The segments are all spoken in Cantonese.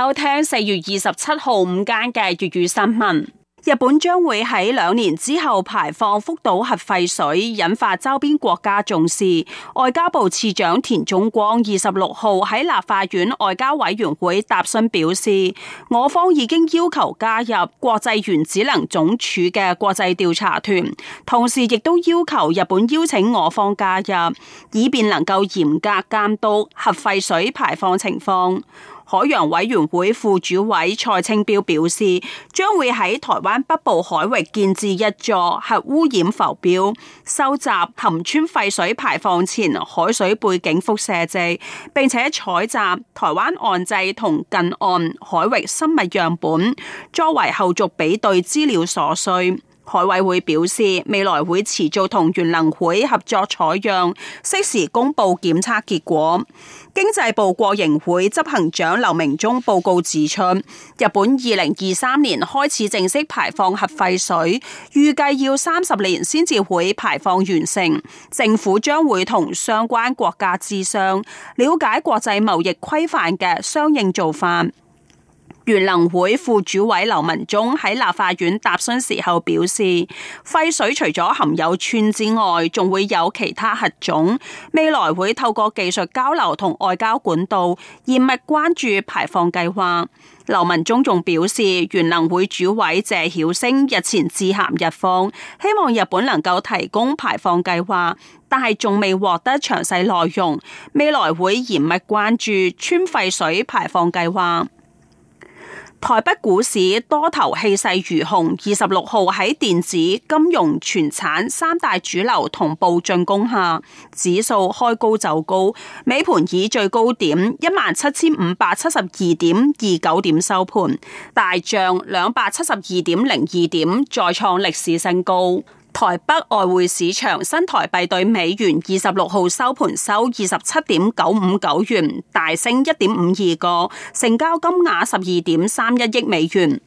收聽四月二十七號午間嘅粵語新聞。日本將會喺兩年之後排放福島核廢水，引發周邊國家重視。外交部次長田中光二十六號喺立法院外交委員會答詢表示，我方已經要求加入國際原子能總署嘅國際調查團，同時亦都要求日本邀請我方加入，以便能夠嚴格監督核廢水排放情況。海洋委員會副主委蔡清標表示，將會喺台灣北部海域建置一座核污染浮標，收集含氚廢水排放前海水背景輻射值，並且採集台灣岸際同近岸海域生物樣本，作為後續比對資料所需。海委會表示，未來會持續同原能會合作採樣，適時公布檢測結果。經濟部國營會執行長劉明忠報告指出，日本二零二三年開始正式排放核廢水，預計要三十年先至會排放完成。政府將會同相關國家磋商，了解國際貿易規範嘅相應做法。元能會副主委劉文忠喺立法院答詢時候表示，廢水除咗含有氚之外，仲會有其他核種，未來會透過技術交流同外交管道嚴密關注排放計劃。劉文忠仲表示，原能會主委謝曉星日前致函日方，希望日本能夠提供排放計劃，但係仲未獲得詳細內容，未來會嚴密關注氚廢水排放計劃。台北股市多頭氣勢如虹，二十六號喺電子、金融、傳產三大主流同步進攻下，指數開高就高，尾盤以最高點一萬七千五百七十二點二九點收盤，大漲兩百七十二點零二點，再創歷史新高。台北外匯市場新台幣兌美元二十六號收盤收二十七點九五九元，大升一點五二個，成交金額十二點三一億美元。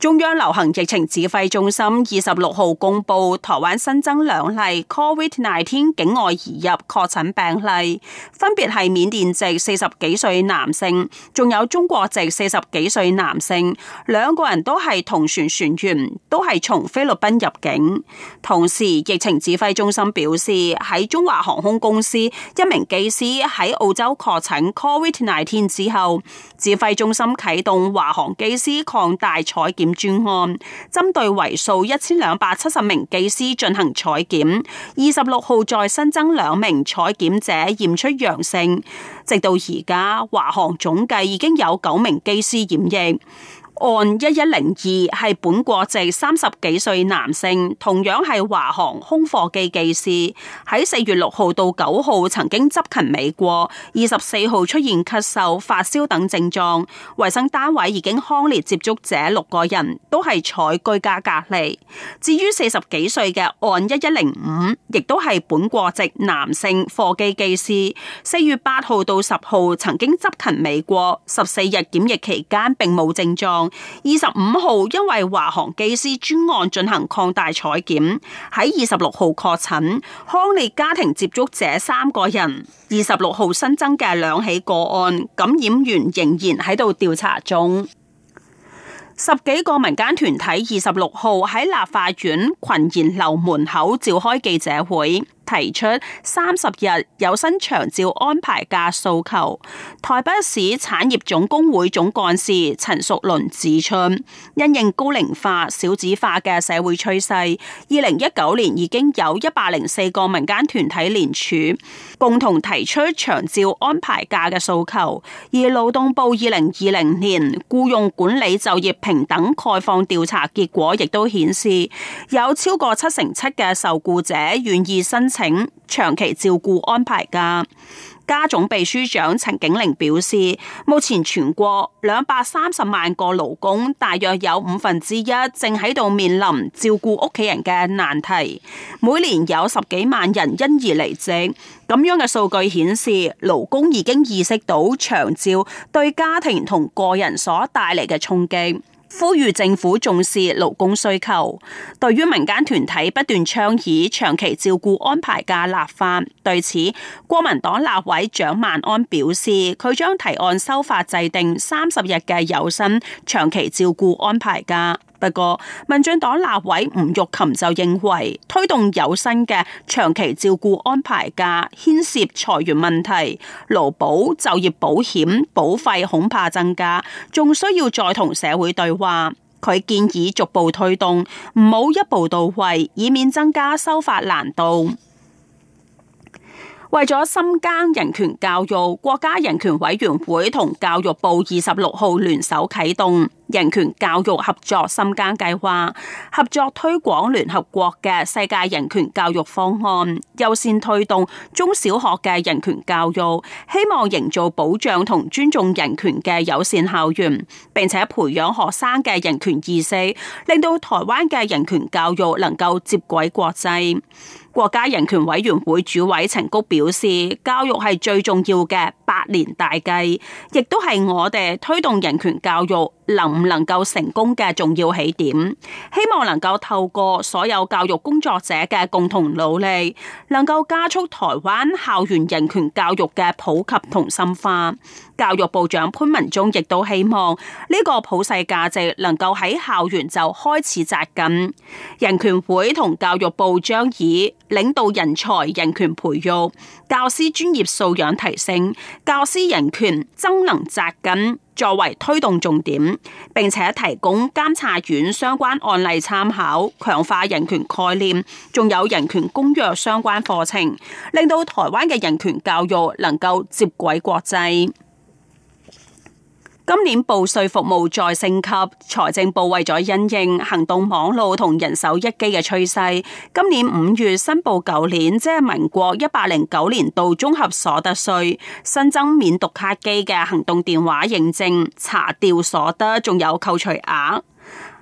中央流行疫情指揮中心二十六號公布，台灣新增兩例 COVID-19 境外移入確診病例，分別係緬甸籍四十幾歲男性，仲有中國籍四十幾歲男性，兩個人都係同船船員，都係從菲律賓入境。同時，疫情指揮中心表示，喺中華航空公司一名機師喺澳洲確診 COVID-19 之後，指揮中心啟動華航機師擴大採檢。專案針對為數一千兩百七十名機師進行採檢，二十六號再新增兩名採檢者驗出陽性，直到而家華航總計已經有九名機師染疫。案一一零二係本國籍三十幾歲男性，同樣係華航空貨機機師，喺四月六號到九號曾經執勤美國，二十四號出現咳嗽、發燒等症狀，衛生單位已經匡列接觸者六個人，都係採居家隔離。至於四十幾歲嘅案一一零五，亦都係本國籍男性貨機機師，四月八號到十號曾經執勤美國，十四日檢疫期間並冇症狀。二十五號因為華航機師專案進行擴大採檢，喺二十六號確診康利家庭接觸者三個人。二十六號新增嘅兩起個案感染源仍然喺度調查中。十幾個民間團體二十六號喺立法院群賢樓門口召開記者會，提出三十日有薪長照安排假訴求。台北市產業總工會總幹事陳淑倫指出，因應高齡化、少子化嘅社會趨勢，二零一九年已經有一百零四個民間團體聯署，共同提出長照安排假嘅訴求。而勞動部二零二零年雇傭管理就業平等概況調查結果亦都顯示，有超過七成七嘅受雇者願意申請。請長期照顧安排嘅家總秘書長陳景玲表示，目前全國兩百三十萬個勞工，大約有五分之一正喺度面臨照顧屋企人嘅難題，每年有十幾萬人因而離職。咁樣嘅數據顯示，勞工已經意識到長照對家庭同個人所帶嚟嘅衝擊。呼籲政府重視勞工需求。對於民間團體不斷倡議長期照顧安排假立法，對此，國民黨立委蔣萬安表示，佢將提案修法，制定三十日嘅有薪長期照顧安排假。不過，民進黨立委吳玉琴就認為，推動有薪嘅長期照顧安排假牽涉財源問題，勞保、就業保險保費恐怕增加，仲需要再同社會對話。佢建議逐步推動，唔好一步到位，以免增加修法難度。為咗深耕人權教育，國家人權委員會同教育部二十六號聯手啟動。人權教育合作深耕計劃，合作推廣聯合國嘅世界人權教育方案，優先推動中小學嘅人權教育，希望營造保障同尊重人權嘅友善校園，並且培養學生嘅人權意識，令到台灣嘅人權教育能夠接軌國際。國家人權委員會主委陳菊表示，教育係最重要嘅百年大計，亦都係我哋推動人權教育能唔能夠成功嘅重要起點，希望能夠透過所有教育工作者嘅共同努力，能夠加速台灣校園人權教育嘅普及同深化。教育部長潘文忠亦都希望呢、這個普世價值能夠喺校園就開始扎根。人權會同教育部將以領導人才人權培育、教師專業素養提升、教師人權增能扎根作為推動重點，並且提供監察院相關案例參考，強化人權概念，仲有人權公約相關課程，令到台灣嘅人權教育能夠接軌國際。今年報稅服務再升級，財政部為咗因應行動網路同人手一機嘅趨勢，今年五月申報舊年，即係民國一百零九年度綜合所得稅，新增免讀卡機嘅行動電話認證，查調所得，仲有扣除額。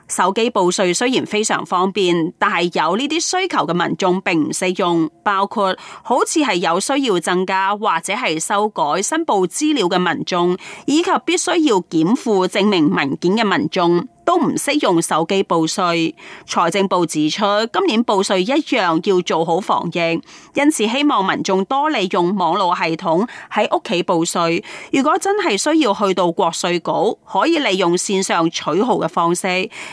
手機報稅雖然非常方便，但係有呢啲需求嘅民眾並唔適用，包括好似係有需要增加或者係修改申報資料嘅民眾，以及必須要檢附證明文件嘅民眾。都唔識用手機報稅，財政部指出，今年報稅一樣要做好防疫，因此希望民眾多利用網路系統喺屋企報稅。如果真係需要去到國稅局，可以利用線上取號嘅方式，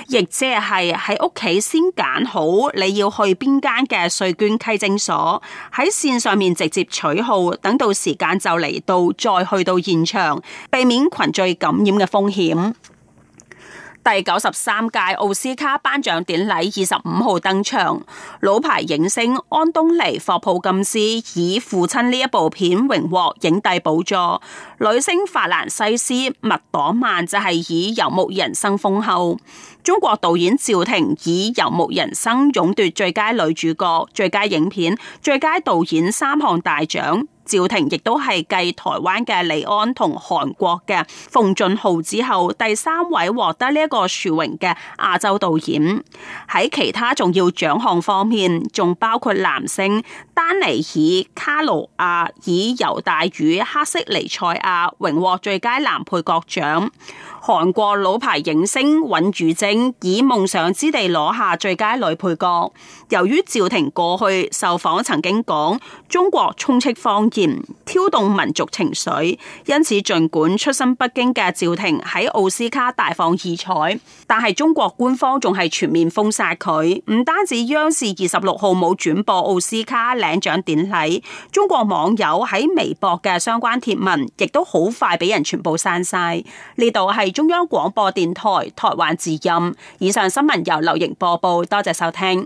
亦即係喺屋企先揀好你要去邊間嘅稅捐稽徵所，喺線上面直接取號，等到時間就嚟到，再去到現場，避免群聚感染嘅風險。第九十三屆奧斯卡頒獎典禮二十五號登場，老牌影星安東尼霍普普金斯以父親呢一部片榮獲影帝寶座，女星法蘭西斯麥朵曼就係以游牧人生封后。中國導演趙婷以《遊牧人生》勇奪最佳女主角、最佳影片、最佳導演三項大獎。趙婷亦都係繼台灣嘅李安同韓國嘅奉俊昊之後，第三位獲得呢一個殊榮嘅亞洲導演。喺其他重要獎項方面，仲包括男星丹尼爾卡盧亞以《猶大與黑色彌賽亞》榮獲最佳男配角獎。韓國老牌影星尹汝貞以夢想之地攞下最佳女配角。由於趙婷過去受訪曾經講中國充斥方言，挑動民族情緒，因此儘管出身北京嘅趙婷喺奧斯卡大放異彩，但係中國官方仲係全面封殺佢。唔單止央視二十六號冇轉播奧斯卡領獎典禮，中國網友喺微博嘅相關貼文亦都好快俾人全部刪晒。呢度係中央廣播電台台灣之音。以上新聞由劉瑩播報，多謝收聽。